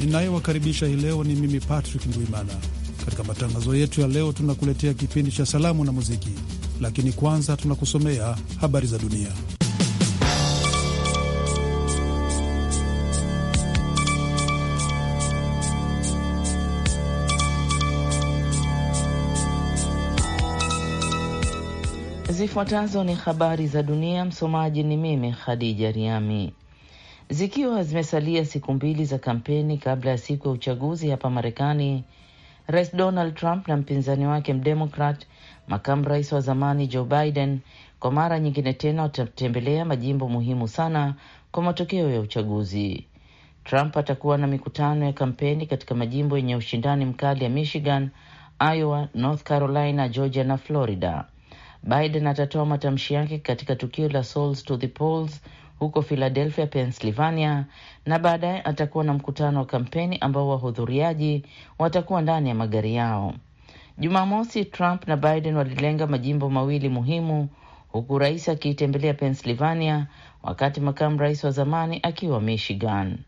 ninayewakaribisha hii leo ni mimi Patrick Ndwimana. Katika matangazo yetu ya leo, tunakuletea kipindi cha salamu na muziki, lakini kwanza tunakusomea habari za dunia. Zifuatazo ni habari za dunia. Msomaji ni mimi Khadija Riami. Zikiwa zimesalia siku mbili za kampeni kabla ya siku ya uchaguzi hapa Marekani, Rais Donald Trump na mpinzani wake mdemokrat, makamu rais wa zamani Joe Biden, kwa mara nyingine tena watatembelea majimbo muhimu sana kwa matokeo ya uchaguzi. Trump atakuwa na mikutano ya kampeni katika majimbo yenye ushindani mkali ya Michigan, Iowa, North Carolina, Georgia na Florida. Biden atatoa matamshi yake katika tukio la Souls to the Polls huko Philadelphia, Pennsylvania, na baadaye atakuwa na mkutano wa kampeni ambao wahudhuriaji watakuwa ndani ya magari yao. Jumamosi, Trump na Biden walilenga majimbo mawili muhimu, huku rais akiitembelea Pennsylvania, wakati makamu rais wa zamani akiwa Michigan.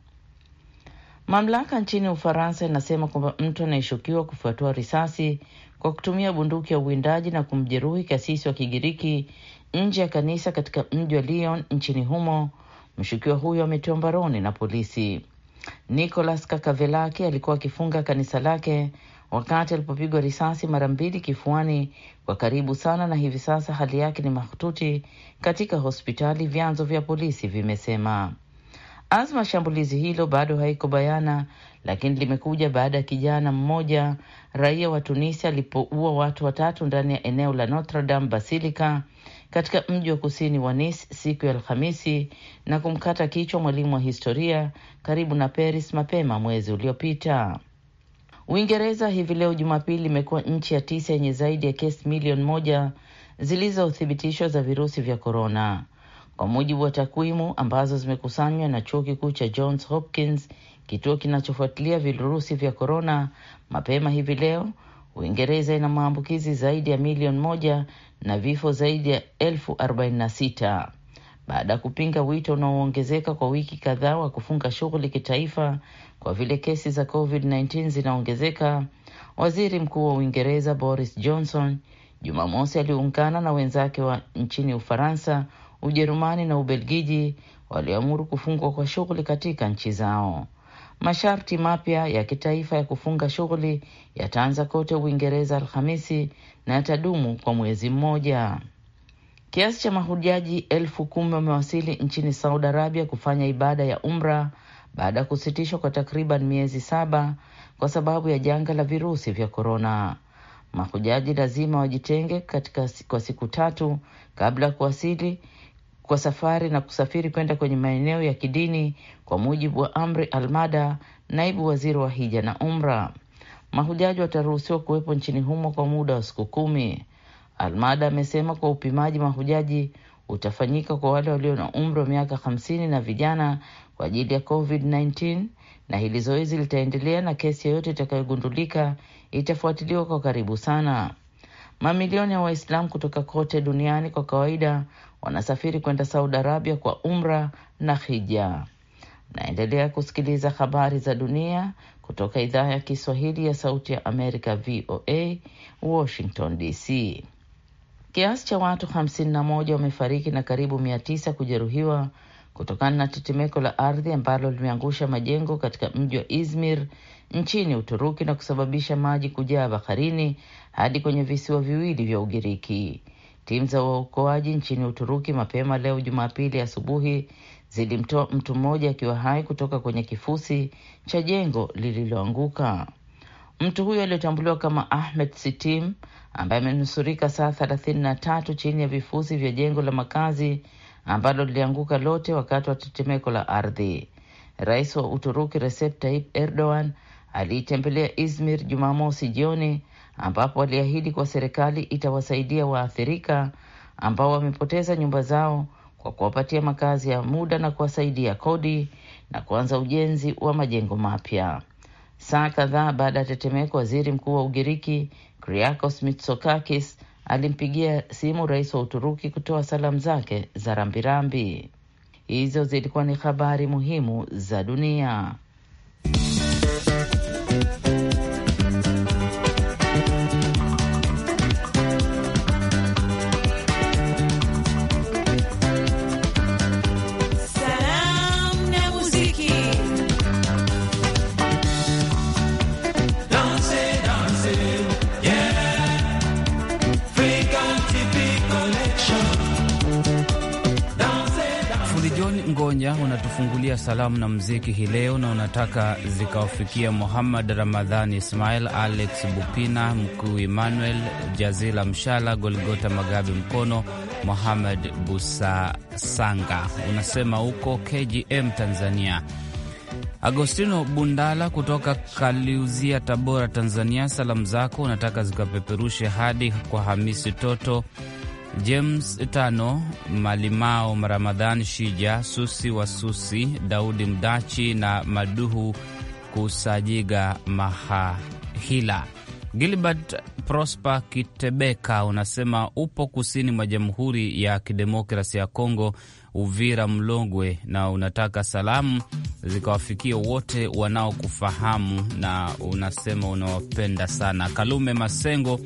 Mamlaka nchini Ufaransa inasema kwamba mtu anayeshukiwa kufuatua risasi kwa kutumia bunduki ya uwindaji na kumjeruhi kasisi wa Kigiriki nje ya kanisa katika mji wa Lyon nchini humo. Mshukiwa huyo ametiwa mbaroni na polisi. Nicolas Kakavelaki alikuwa akifunga kanisa lake wakati alipopigwa risasi mara mbili kifuani kwa karibu sana, na hivi sasa hali yake ni mahututi katika hospitali, vyanzo vya polisi vimesema. Azma shambulizi hilo bado haiko bayana, lakini limekuja baada ya kijana mmoja raia wa Tunisia alipoua watu watatu ndani ya eneo la Notre Dame Basilica katika mji wa kusini wa Nice siku ya Alhamisi na kumkata kichwa mwalimu wa historia karibu na Paris mapema mwezi uliopita. Uingereza hivi leo Jumapili imekuwa nchi ya tisa yenye zaidi ya kesi milioni moja zilizothibitishwa za virusi vya korona kwa mujibu wa takwimu ambazo zimekusanywa na chuo kikuu cha Johns Hopkins, kituo kinachofuatilia virusi vya korona. Mapema hivi leo Uingereza ina maambukizi zaidi ya milioni moja na vifo zaidi ya elfu arobaini na sita baada ya kupinga wito unaoongezeka kwa wiki kadhaa wa kufunga shughuli kitaifa kwa vile kesi za COVID-19 zinaongezeka. Waziri Mkuu wa Uingereza Boris Johnson Jumamosi aliungana na wenzake wa nchini Ufaransa, Ujerumani na Ubelgiji walioamuru kufungwa kwa shughuli katika nchi zao. Masharti mapya ya kitaifa ya kufunga shughuli yataanza kote Uingereza Alhamisi na yatadumu kwa mwezi mmoja. Kiasi cha mahujaji elfu kumi wamewasili nchini Saudi Arabia kufanya ibada ya umra baada ya kusitishwa kwa takriban miezi saba kwa sababu ya janga la virusi vya korona. Mahujaji lazima wajitenge katika kwa siku tatu kabla ya kuwasili kwa safari na kusafiri kwenda kwenye maeneo ya kidini kwa mujibu wa Amri Almada, naibu waziri wa hija na umra. Mahujaji wataruhusiwa kuwepo nchini humo kwa muda wa siku kumi. Almada amesema kwa upimaji mahujaji utafanyika kwa wale walio na umri wa miaka hamsini na vijana kwa ajili ya COVID-19 na hili zoezi litaendelea na kesi yoyote itakayogundulika itafuatiliwa kwa karibu sana. Mamilioni ya Waislamu kutoka kote duniani kwa kawaida wanasafiri kwenda Saudi Arabia kwa umra na hija. Naendelea kusikiliza habari za dunia kutoka idhaa ya Kiswahili ya Sauti ya Amerika, VOA, Washington DC. Kiasi cha watu 51 wamefariki na karibu 900 kujeruhiwa kutokana na tetemeko la ardhi ambalo limeangusha majengo katika mji wa Izmir nchini Uturuki na kusababisha maji kujaa baharini hadi kwenye visiwa viwili vya Ugiriki. Timu za waokoaji nchini Uturuki mapema leo Jumapili asubuhi zilimtoa mtu mmoja akiwa hai kutoka kwenye kifusi cha jengo lililoanguka. Mtu huyo aliyotambuliwa kama Ahmed Sitim, ambaye amenusurika saa thelathini na tatu chini ya vifusi vya jengo la makazi ambalo lilianguka lote wakati wa tetemeko la ardhi. Rais wa Uturuki Recep Tayyip Erdogan aliitembelea Izmir Jumamosi jioni ambapo aliahidi kuwa serikali itawasaidia waathirika ambao wamepoteza nyumba zao kwa kuwapatia makazi ya muda na kuwasaidia kodi na kuanza ujenzi wa majengo mapya. Saa kadhaa baada ya tetemeko, waziri mkuu wa Ugiriki Kriakos Mitsotakis alimpigia simu rais wa Uturuki kutoa salamu zake za rambirambi. Hizo zilikuwa ni habari muhimu za dunia. tumekufungulia salamu na mziki hii leo na unataka zikawafikia Muhammad Ramadhan Ismail, Alex Bupina, Mkuu Emmanuel Jazila, Mshala goligota Magabi Mkono, Muhammad Busasanga. Unasema huko KGM Tanzania. Agostino Bundala kutoka Kaliuzia, Tabora, Tanzania, salamu zako unataka zikapeperushe hadi kwa Hamisi Toto James Tano Malimao, Ramadhan Shija, Susi wa susi Daudi Mdachi na Maduhu Kusajiga Mahahila. Gilbert Prosper Kitebeka unasema upo kusini mwa Jamhuri ya Kidemokrasi ya Kongo, Uvira Mlongwe, na unataka salamu zikawafikia wote wanaokufahamu, na unasema unawapenda sana. Kalume Masengo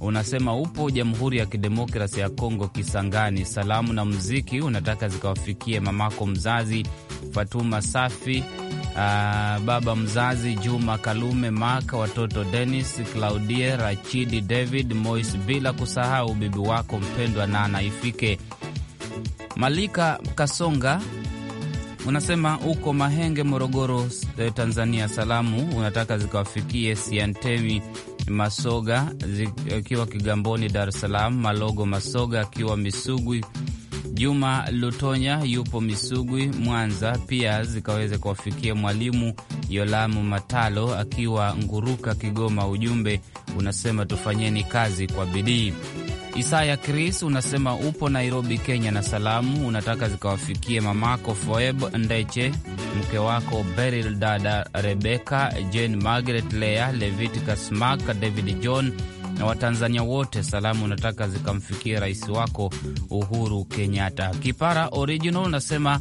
unasema upo Jamhuri ya Kidemokrasi ya Kongo, Kisangani. Salamu na mziki unataka zikawafikie mamako mzazi Fatuma Safi, Uh, baba mzazi Juma Kalume Maka, watoto Denis, Claudie, Rachidi, David Mois, bila kusahau bibi wako mpendwa Nana Ifike. Malika Kasonga unasema uko Mahenge, Morogoro, eh, Tanzania. Salamu unataka zikawafikie Siantemi Masoga akiwa eh, Kigamboni, Dar es Salaam, Malogo Masoga akiwa Misugwi Juma Lutonya yupo Misugwi, Mwanza, pia zikaweze kuwafikia mwalimu Yolamu Matalo akiwa Nguruka, Kigoma. Ujumbe unasema tufanyeni kazi kwa bidii. Isaya Chris unasema upo Nairobi, Kenya, na salamu unataka zikawafikie mamako Foeb Ndeche, mke wako Beril, dada Rebeka Jane, Margaret Lea, Leviticus Mark, David John na Watanzania wote salamu nataka zikamfikia rais wako Uhuru Kenyatta. Kipara Original unasema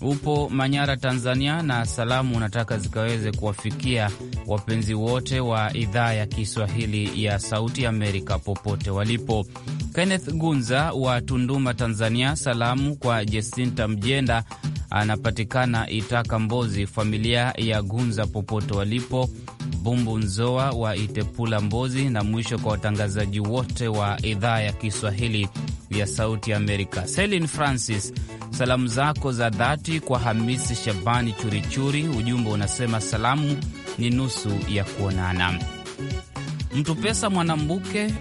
upo Manyara, Tanzania, na salamu unataka zikaweze kuwafikia wapenzi wote wa idhaa ya Kiswahili ya Sauti Amerika popote walipo. Kenneth Gunza wa Tunduma, Tanzania, salamu kwa Jesinta Mjenda anapatikana Itaka Mbozi, familia ya Gunza popote walipo bumbu Nzoa wa Itepula Mbozi, na mwisho kwa watangazaji wote wa idhaa ya Kiswahili ya Sauti Amerika. Selin Francis, salamu zako za dhati kwa Hamisi Shabani Churichuri, ujumbe unasema salamu ni nusu ya kuonana. Mtu Pesa Mwanambuke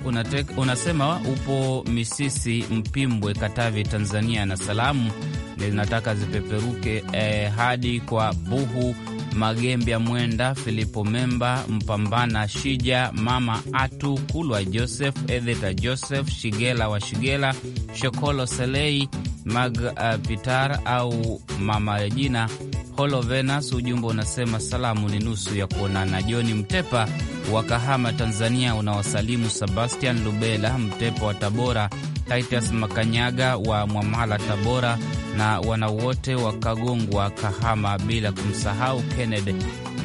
unasema upo Misisi Mpimbwe, Katavi, Tanzania, na salamu linataka zipeperuke eh, hadi kwa Buhu Magembya Mwenda, Filipo Memba, Mpambana Shija, Mama Atu, Kulwa Joseph, Edheta Joseph, Shigela wa Shigela, Shokolo Selei, Mag uh, Pitar au Mama Regina Holo venus Ujumbe unasema salamu ni nusu ya kuonana. Joni Mtepa wa Kahama, Tanzania, unawasalimu Sebastian Lubela Mtepa wa Tabora, Titus Makanyaga wa Mwamala, Tabora, na wana wote wa Kagongwa, Kahama, bila kumsahau Kennedy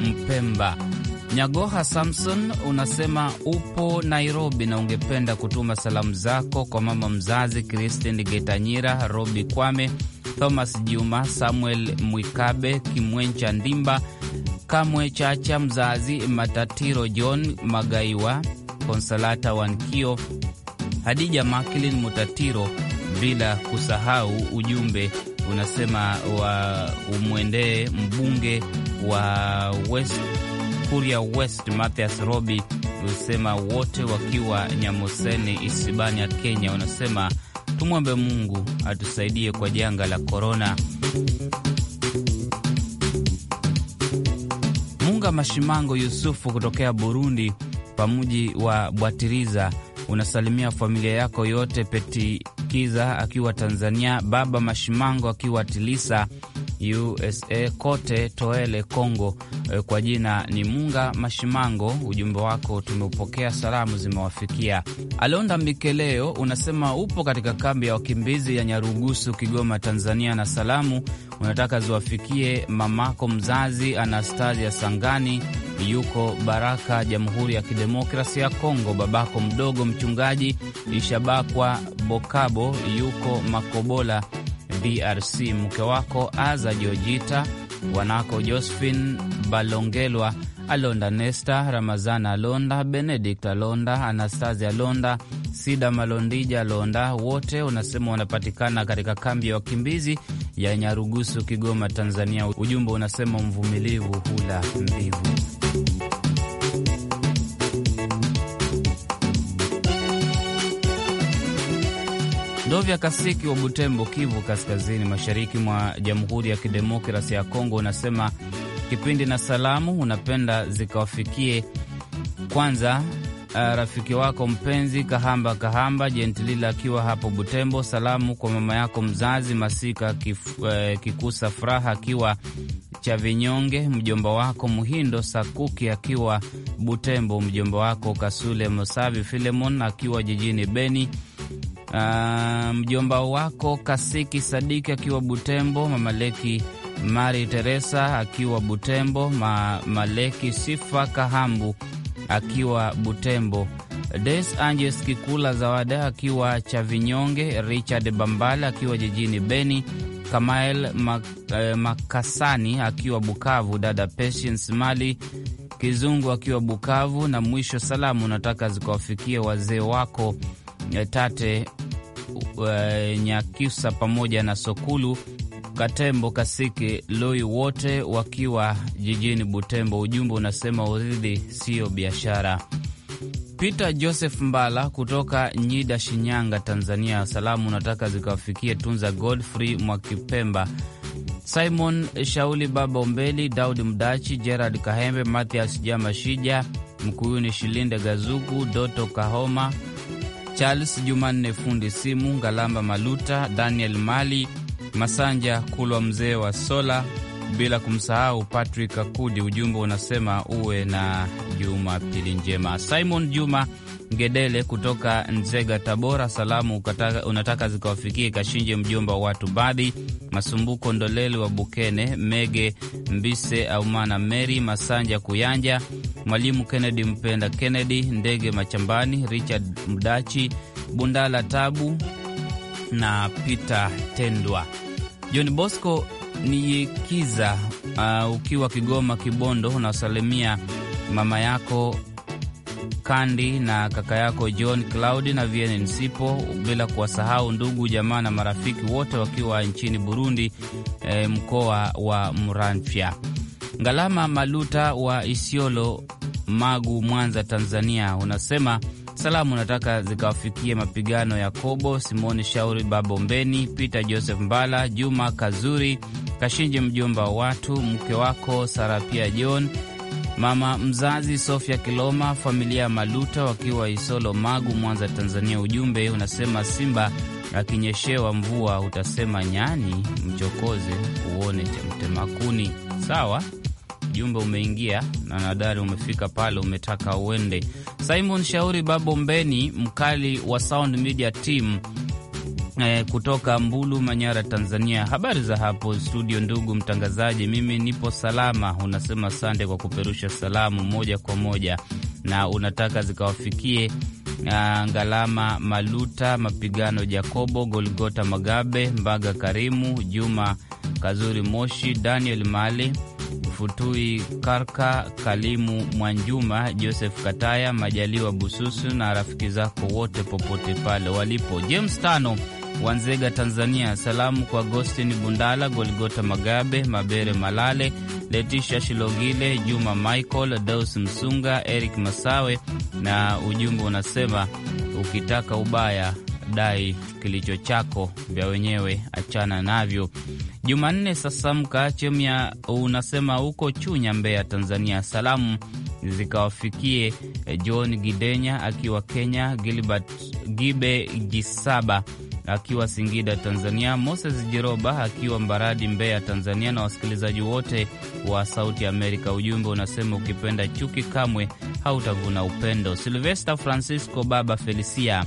Mpemba. Nyagoha Samson unasema upo Nairobi na ungependa kutuma salamu zako kwa mama mzazi Christine Getanyira, Robi Kwame, Thomas Juma, Samuel Mwikabe, Kimwencha Ndimba, Kamwe Chacha mzazi, Matatiro John Magaiwa, Konsalata Wankio, Hadija Maklin Mutatiro bila kusahau ujumbe unasema wa umwendee mbunge wa West Kuria West Mathias Robi, usema wote wakiwa Nyamoseni isibani ya Kenya, unasema tumwombe Mungu atusaidie kwa janga la korona. Munga Mashimango Yusufu kutokea Burundi, pamuji wa Bwatiriza, unasalimia familia yako yote, Peti Lukiza akiwa Tanzania, Baba Mashimango akiwa Tilisa USA kote Toele congo eh, kwa jina ni Munga Mashimango. Ujumbe wako tumeupokea, salamu zimewafikia. Alonda Mikeleo unasema upo katika kambi ya wakimbizi ya Nyarugusu, Kigoma, Tanzania, na salamu unataka ziwafikie mamako mzazi Anastasia Sangani yuko Baraka, Jamhuri ya Kidemokrasi ya Kongo, babako mdogo mchungaji Ishabakwa Bokabo yuko Makobola DRC, mke wako Aza Jojita, wanako Josephine Balongelwa, Alonda Nesta, Ramazana Alonda, Benedict Alonda, Anastasia Alonda, Sida Malondija Alonda, wote unasema wanapatikana katika kambi ya wakimbizi ya Nyarugusu, Kigoma, Tanzania. Ujumbe unasema mvumilivu hula mbivu. Ndovya Kasiki wa Butembo, Kivu Kaskazini, mashariki mwa Jamhuri ya Kidemokrasi ya Kongo, unasema kipindi na salamu unapenda zikawafikie kwanza uh, rafiki wako mpenzi Kahamba Kahamba Jentilila akiwa hapo Butembo. Salamu kwa mama yako mzazi Masika kifu, uh, Kikusa Furaha akiwa cha Vinyonge, mjomba wako Muhindo Sakuki akiwa Butembo, mjomba wako Kasule Mosavi Filemon akiwa jijini Beni Uh, mjomba wako Kasiki Sadiki akiwa Butembo, Mamaleki Mari Teresa akiwa Butembo, Mamaleki Sifa Kahambu akiwa Butembo, Des Anges Kikula Zawada akiwa Chavinyonge, Richard Bambala akiwa jijini Beni, Kamael Mak eh, Makasani akiwa Bukavu, dada Patience Mali Kizungu akiwa Bukavu. Na mwisho salamu nataka zikawafikia wazee wako Eh, Tate nyakisa eh, Nyakyusa pamoja na Sokulu Katembo Kasiki Loi, wote wakiwa jijini Butembo. Ujumbe unasema uridhi siyo biashara. Peter Joseph Mbala kutoka Nyida, Shinyanga, Tanzania, salamu unataka zikawafikie Tunza Godfrey Mwakipemba, Simon Shauli, Baba Ombeli, Daudi Mdachi, Gerard Kahembe, Mathias jamashija Mkuyuni Shilinde, Gazuku Doto Kahoma Charles Jumanne fundi simu, Ngalamba Maluta, Daniel Mali Masanja Kulwa, mzee wa sola, bila kumsahau Patrick Akudi. Ujumbe unasema uwe na jumapili njema. Simon Juma Ngedele kutoka Nzega, Tabora, salamu ukataka, unataka zikawafikie Kashinje mjomba wa watu badhi Masumbuko Ndoleli wa Bukene, Mege Mbise, Aumana Meri Masanja Kuyanja Mwalimu Kennedy Mpenda Kennedy, Ndege Machambani, Richard Mdachi, Bundala Tabu na Peter Tendwa. John Bosco Kiza uh, ukiwa Kigoma Kibondo, unaosalimia mama yako Kandi na kaka yako John Claudi na Vieni Nsipo, bila kuwasahau ndugu jamaa na marafiki wote wakiwa nchini Burundi, eh, mkoa wa Muramvya. Ngalama Maluta wa Isiolo, Magu, Mwanza, Tanzania, unasema salamu nataka zikawafikie mapigano ya Kobo Simoni, Shauri Babombeni, Peter Joseph Mbala, Juma Kazuri Kashinje, mjomba wa watu, mke wako Sarapia John, mama mzazi Sofia Kiloma, familia ya Maluta wakiwa Isolo, Magu, Mwanza, Tanzania. Ujumbe unasema simba akinyeshewa mvua utasema nyani mchokoze uone cha mtemakuni. Sawa ujumbe umeingia na nadhani umefika pale, umetaka uende. Simon Shauri Babo Mbeni, mkali wa Sound Media Team eh, kutoka Mbulu, Manyara, Tanzania. Habari za hapo studio, ndugu mtangazaji? Mimi nipo salama. Unasema asante kwa kuperusha salamu moja kwa moja, na unataka zikawafikie ah, Ngalama Maluta, Mapigano Jakobo, Golgota Magabe, Mbaga Karimu, Juma Kazuri Moshi, Daniel Mali Futui Karka, Kalimu Mwanjuma, Joseph Kataya, Majaliwa Bususu na rafiki zako wote popote pale walipo. James Tano Wanzega, Tanzania. Salamu kwa Agostin Bundala, Goligota Magabe, Mabere Malale, Letisha Shilogile, Juma Michael, daus Msunga, Eric Masawe, na ujumbe unasema ukitaka ubaya dai kilicho chako, vya wenyewe achana navyo. Jumanne sasa Mkaachemya unasema huko Chunya, Mbeya, Tanzania. Salamu zikawafikie eh, John Gidenya akiwa Kenya, Gilbert Gibe Jisaba akiwa Singida Tanzania, Moses Jiroba akiwa Mbaradi Mbeya Tanzania, na wasikilizaji wote wa Sauti Amerika. Ujumbe unasema ukipenda chuki kamwe hautavuna upendo. Silvesta Francisco Baba Felicia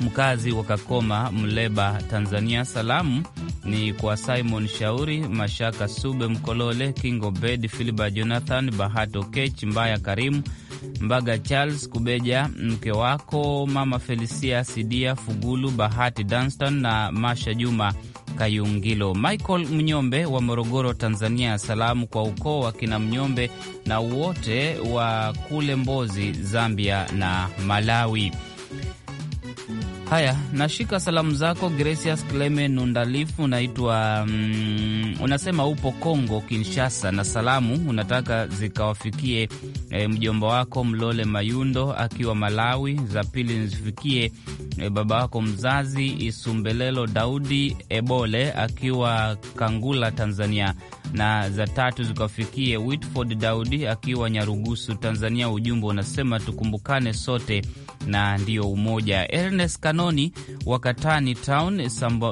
mkazi wa Kakoma, Mleba, Tanzania. Salamu ni kwa Simon Shauri, Mashaka Sube, Mkolole kingo bed Filiba Jonathan, Bahato Kech, Mbaya Karimu, Mbaga Charles Kubeja, mke wako Mama felisia Sidia Fugulu, Bahati Danston na Masha Juma Kayungilo. Michael Mnyombe wa Morogoro, Tanzania, salamu kwa ukoo wa kina Mnyombe na wote wa kule Mbozi, Zambia na Malawi. Haya, nashika salamu zako Gracias Cleme Nundalifu, unaitwa mm, unasema upo congo Kinshasa, na salamu unataka zikawafikie e, mjomba wako Mlole Mayundo akiwa Malawi, za pili zifikie E, baba wako mzazi Isumbelelo Daudi Ebole akiwa Kangula, Tanzania, na za tatu zikafikie Whitford Daudi akiwa Nyarugusu, Tanzania. Ujumbe unasema tukumbukane sote na ndiyo umoja. Ernest Kanoni wa Katani Town,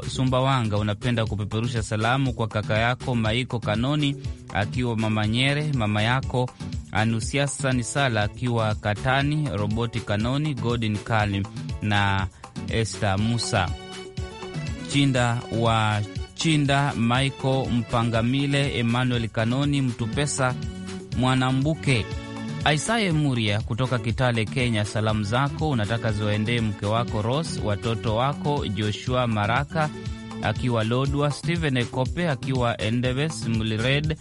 Sumbawanga, unapenda kupeperusha salamu kwa kaka yako Maiko Kanoni akiwa Mamanyere, mama yako Anusiasa Nisala akiwa Katani, Roboti Kanoni, Godin Kalim na Esther Musa Chinda wa Chinda, Michael Mpangamile, Emmanuel Kanoni, Mtupesa Mwanambuke, Aisaye Muria kutoka Kitale, Kenya. Salamu zako unataka ziwaendee mke wako Ros, watoto wako Joshua Maraka akiwa Lodwa, Steven Ekope akiwa Endebes Mlired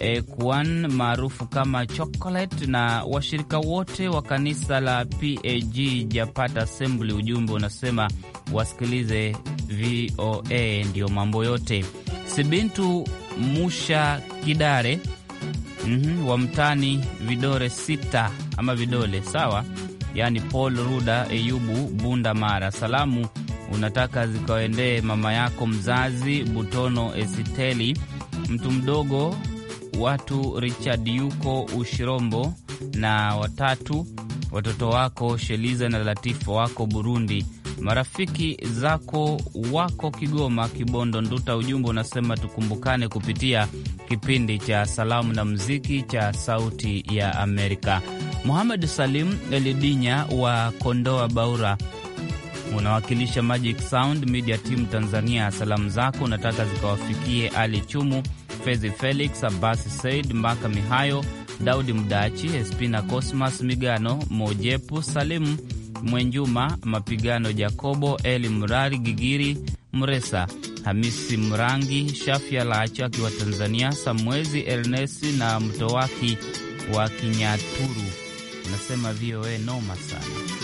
eh, Kwan maarufu kama Chocolate na washirika wote wa kanisa la PAG Japata Assembly. Ujumbe unasema wasikilize VOA ndiyo mambo yote. Sibintu Musha Kidare mm -hmm, wa mtani vidore sita ama vidole sawa, yaani Paul Ruda Eyubu Bunda Mara, salamu unataka zikaendee mama yako mzazi Butono Esiteli, mtu mdogo watu Richard Yuko Ushirombo na watatu watoto wako Sheliza na Latifa wako Burundi, marafiki zako wako Kigoma, Kibondo, Nduta. Ujumbe unasema tukumbukane kupitia kipindi cha salamu na muziki cha Sauti ya Amerika. Muhamed Salim Elidinya wa Kondoa Baura, unawakilisha Magic Sound Media Team Tanzania. Salamu zako unataka zikawafikie Ali Chumu Fezi Felix, Abasi Said, Mbaka Mihayo, Daudi Mdachi, Espina Cosmas Migano, Mojepu Salimu Mwenjuma, Mapigano Jakobo, Eli Mrari, Gigiri Mresa, Hamisi Mrangi, Shafia Lacho akiwa Tanzania, Samwezi Elnesi na Mtowaki wa Kinyaturu. Unasema VOA noma sana.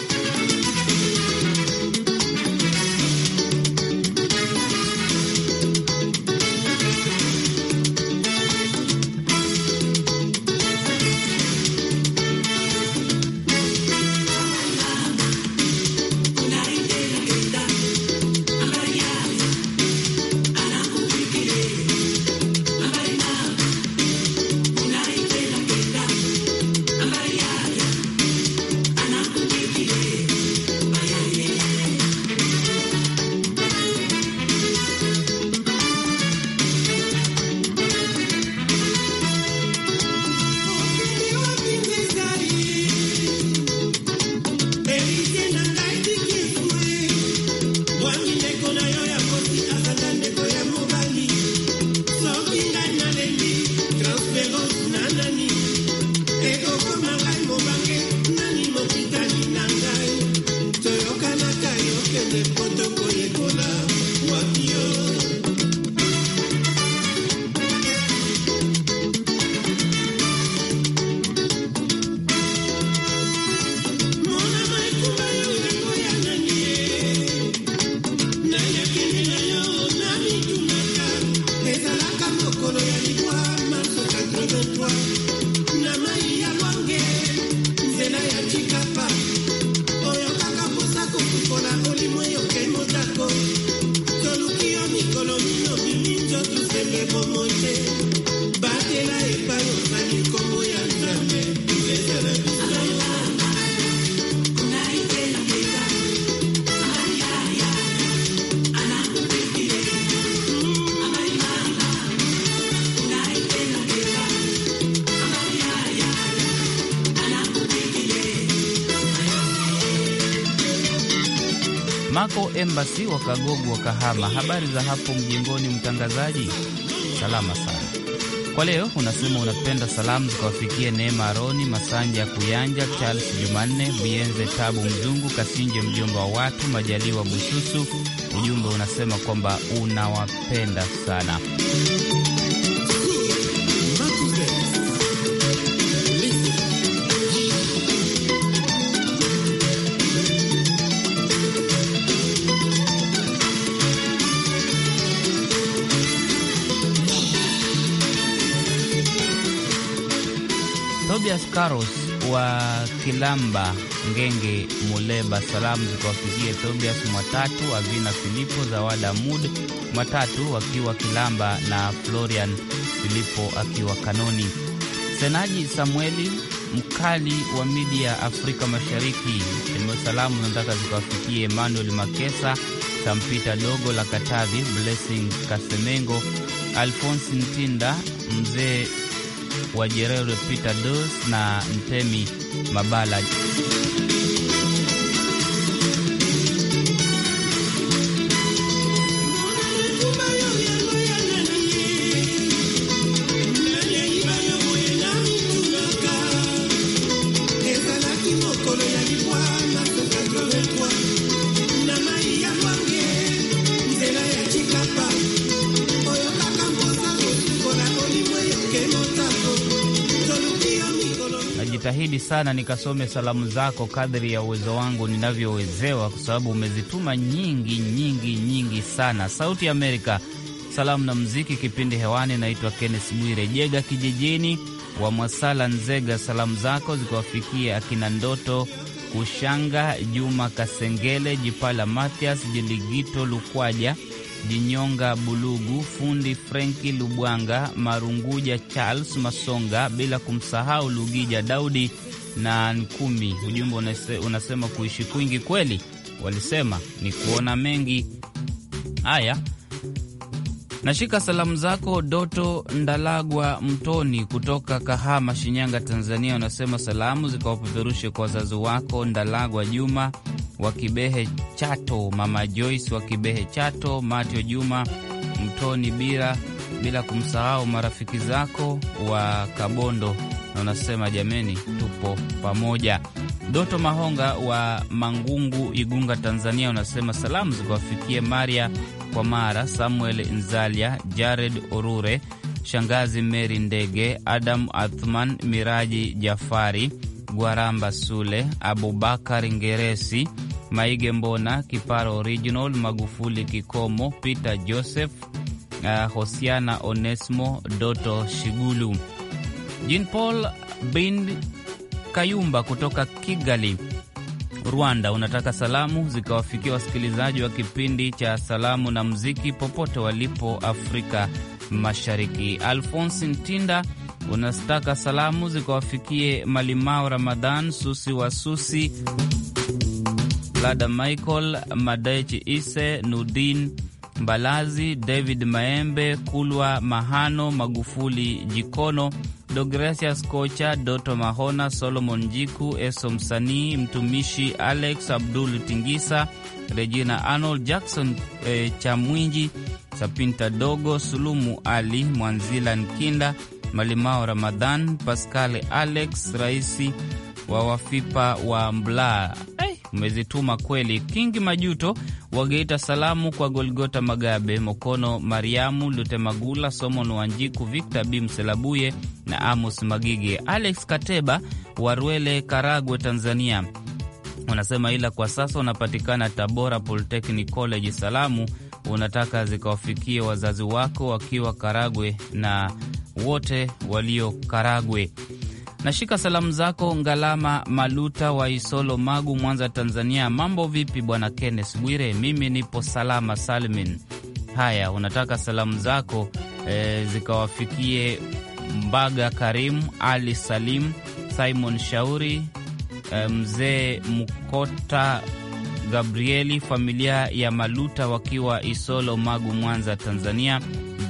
Mako Embassy wa Kagogo wa Kahama. Habari za hapo mjengoni, mtangazaji? Salama sana. Kwa leo unasema unapenda salamu zikawafikie Neema Aroni Masanja ya Kuyanja, Charles Jumanne Mienze, Tabu Mzungu Kasinje, mjomba wa watu Majaliwa Bususu. Ujumbe unasema kwamba unawapenda sana. Saros wa Kilamba, Ngenge, Muleba. Salamu zikawafikia Tobias Mwatatu, Avina Filipo, Zawada Mud Mwatatu akiwa Kilamba na Florian Filipo akiwa Kanoni. Senaji Samueli mkali wa midia Afrika Mashariki, salamu nataka zikawafikie Emmanuel Makesa, Sampita Dogo la Katavi, Blessing Kasemengo, Alfonsi Ntinda, mzee Wajerere Peter Dos na mtemi Mabala. sana nikasome salamu zako kadri ya uwezo wangu ninavyowezewa, kwa sababu umezituma nyingi nyingi nyingi sana. Sauti Amerika, salamu na mziki kipindi hewani. Naitwa Kennes Bwire Jega kijijini wa Mwasala, Nzega. Salamu zako zikiwafikia akina Ndoto Kushanga, Juma Kasengele, Jipala Mathias, Jiligito Lukwaja Jinyonga Bulugu, fundi Frenki Lubwanga, Marunguja Charles Masonga, bila kumsahau Lugija Daudi na Nkumi. Ujumbe unasema kuishi kwingi kweli, walisema ni kuona mengi haya. Nashika salamu zako Doto Ndalagwa Mtoni kutoka Kahama, Shinyanga, Tanzania. Unasema salamu zikawapeperushe kwa wazazi wako Ndalagwa Juma wa Kibehe Chato, Mama Joyce wa Kibehe Chato, Matio Juma Mtoni Bila, bila kumsahau marafiki zako wa Kabondo, na unasema jameni, tupo pamoja. Doto Mahonga wa Mangungu, Igunga, Tanzania, unasema salamu zikawafikie Maria kwa Mara, Samuel Nzalia, Jared Orure, Shangazi Meri Ndege, Adam Athman, Miraji Jafari Gwaramba Sule, Abubakar Ngeresi, Maige Mbona, Kiparo Original, Magufuli Kikomo, Peter Joseph, uh, Hosiana Onesmo, Doto Shigulu, Jean Paul bin Kayumba kutoka Kigali, Rwanda. Unataka salamu zikawafikia wasikilizaji wa kipindi cha salamu na muziki popote walipo Afrika Mashariki. Alfonsi Ntinda unastaka salamu zikawafikie Malimao Ramadhan, Susi wa Susi, Lada Michael Madaichi Ise Nudin Mbalazi, David Maembe, Kulwa Mahano, Magufuli Jikono, Dogresias Kocha, Doto Mahona, Solomon Jiku, Eso Msanii, mtumishi Alex Abdul Tingisa, Regina Arnold, Jackson eh, Chamwinji, Sapinta Dogo, Sulumu Ali Mwanzila Nkinda Malimao Ramadhan, pascal Alex, raisi wa Wafipa wa Mblaa umezituma kweli. Kingi Majuto wageita salamu kwa Golgota Magabe, Mokono Mariamu, Lutemagula, Somon Wanjiku, Victor B Mselabuye na Amos Magige. Alex Kateba Warwele, Karagwe, Tanzania unasema ila kwa sasa unapatikana Tabora Polytechnic College. Salamu unataka zikawafikie wazazi wako wakiwa Karagwe na wote walio Karagwe. Nashika salamu zako Ngalama Maluta wa Isolo, Magu, Mwanza, Tanzania. Mambo vipi bwana kennes Bwire? Mimi nipo salama salmin. Haya, unataka salamu zako e, zikawafikie Mbaga Karim Ali Salim, Simon Shauri, e, mzee Mkota Gabrieli, familia ya Maluta wakiwa Isolo, Magu, Mwanza, Tanzania.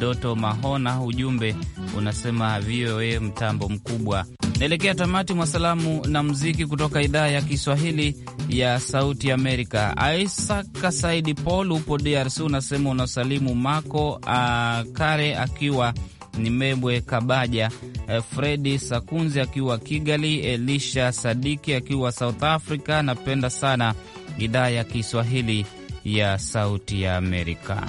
Doto Mahona, ujumbe unasema VOA mtambo mkubwa. Naelekea tamati mwa salamu na mziki kutoka idhaa ya Kiswahili ya Sauti Amerika. Isaka Saidi Paul, upo DRC, unasema unasalimu Mako ah, Kare akiwa ni mebwe Kabaja, eh, Fredi Sakunzi akiwa Kigali, Elisha Sadiki akiwa South Africa. Napenda sana idhaa ya Kiswahili ya Sauti ya Amerika.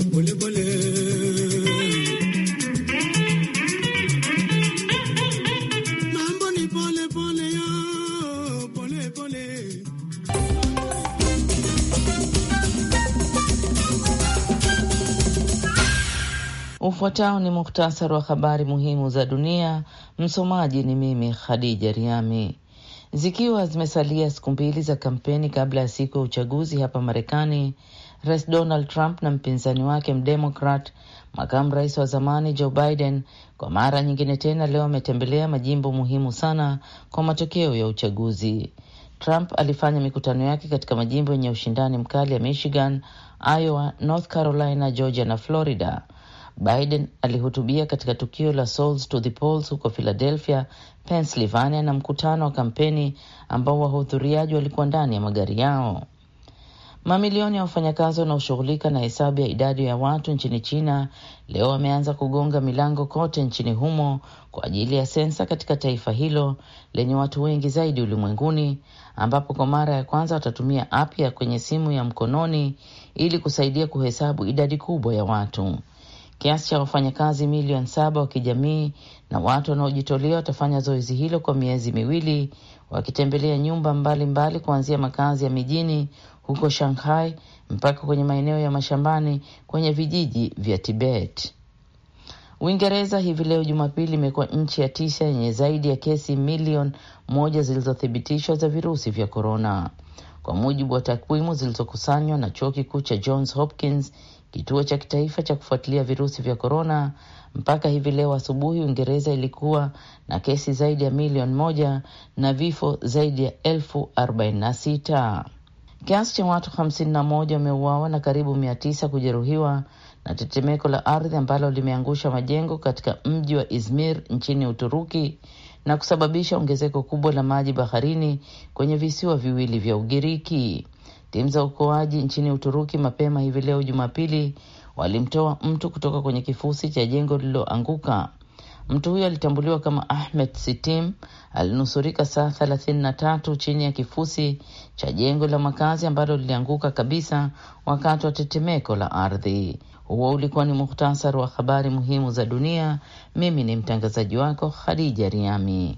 Ufuatao ni muhtasari wa habari muhimu za dunia. Msomaji ni mimi Khadija Riami. Zikiwa zimesalia siku mbili za kampeni kabla ya siku ya uchaguzi hapa Marekani, Rais Donald Trump na mpinzani wake mdemokrat makamu rais wa zamani Joe Biden kwa mara nyingine tena leo ametembelea majimbo muhimu sana kwa matokeo ya uchaguzi. Trump alifanya mikutano yake katika majimbo yenye ushindani mkali ya Michigan, Iowa, North Carolina, Georgia na Florida Biden alihutubia katika tukio la Souls to the Polls huko Philadelphia, Pennsylvania, na mkutano wa kampeni ambao wahudhuriaji walikuwa ndani ya magari yao. Mamilioni ya wafanyakazi wanaoshughulika na hesabu ya idadi ya watu nchini China leo wameanza kugonga milango kote nchini humo kwa ajili ya sensa katika taifa hilo lenye watu wengi zaidi ulimwenguni, ambapo kwa mara ya kwanza watatumia app ya kwenye simu ya mkononi ili kusaidia kuhesabu idadi kubwa ya watu. Kiasi cha wafanyakazi milioni saba wa kijamii na watu wanaojitolea watafanya zoezi hilo kwa miezi miwili, wakitembelea nyumba mbalimbali mbali kuanzia makazi ya mijini huko Shanghai mpaka kwenye maeneo ya mashambani kwenye vijiji vya Tibet. Uingereza hivi leo Jumapili imekuwa nchi ya tisa yenye zaidi ya kesi milioni moja zilizothibitishwa za virusi vya korona, kwa mujibu wa takwimu zilizokusanywa na chuo kikuu cha Johns Hopkins kituo cha kitaifa cha kufuatilia virusi vya korona. Mpaka hivi leo asubuhi, Uingereza ilikuwa na kesi zaidi ya milioni moja na vifo zaidi ya elfu arobaini na sita. Kiasi cha watu 51 wameuawa na karibu 900 kujeruhiwa na tetemeko la ardhi ambalo limeangusha majengo katika mji wa Izmir nchini Uturuki na kusababisha ongezeko kubwa la maji baharini kwenye visiwa viwili vya Ugiriki. Timu za ukoaji nchini Uturuki mapema hivi leo Jumapili walimtoa mtu kutoka kwenye kifusi cha jengo lililoanguka. Mtu huyo alitambuliwa kama Ahmed Sitim, alinusurika saa thelathini na tatu chini ya kifusi cha jengo la makazi ambalo lilianguka kabisa wakati wa tetemeko la ardhi. Huo ulikuwa ni muhtasari wa habari muhimu za dunia. Mimi ni mtangazaji wako Khadija Riami.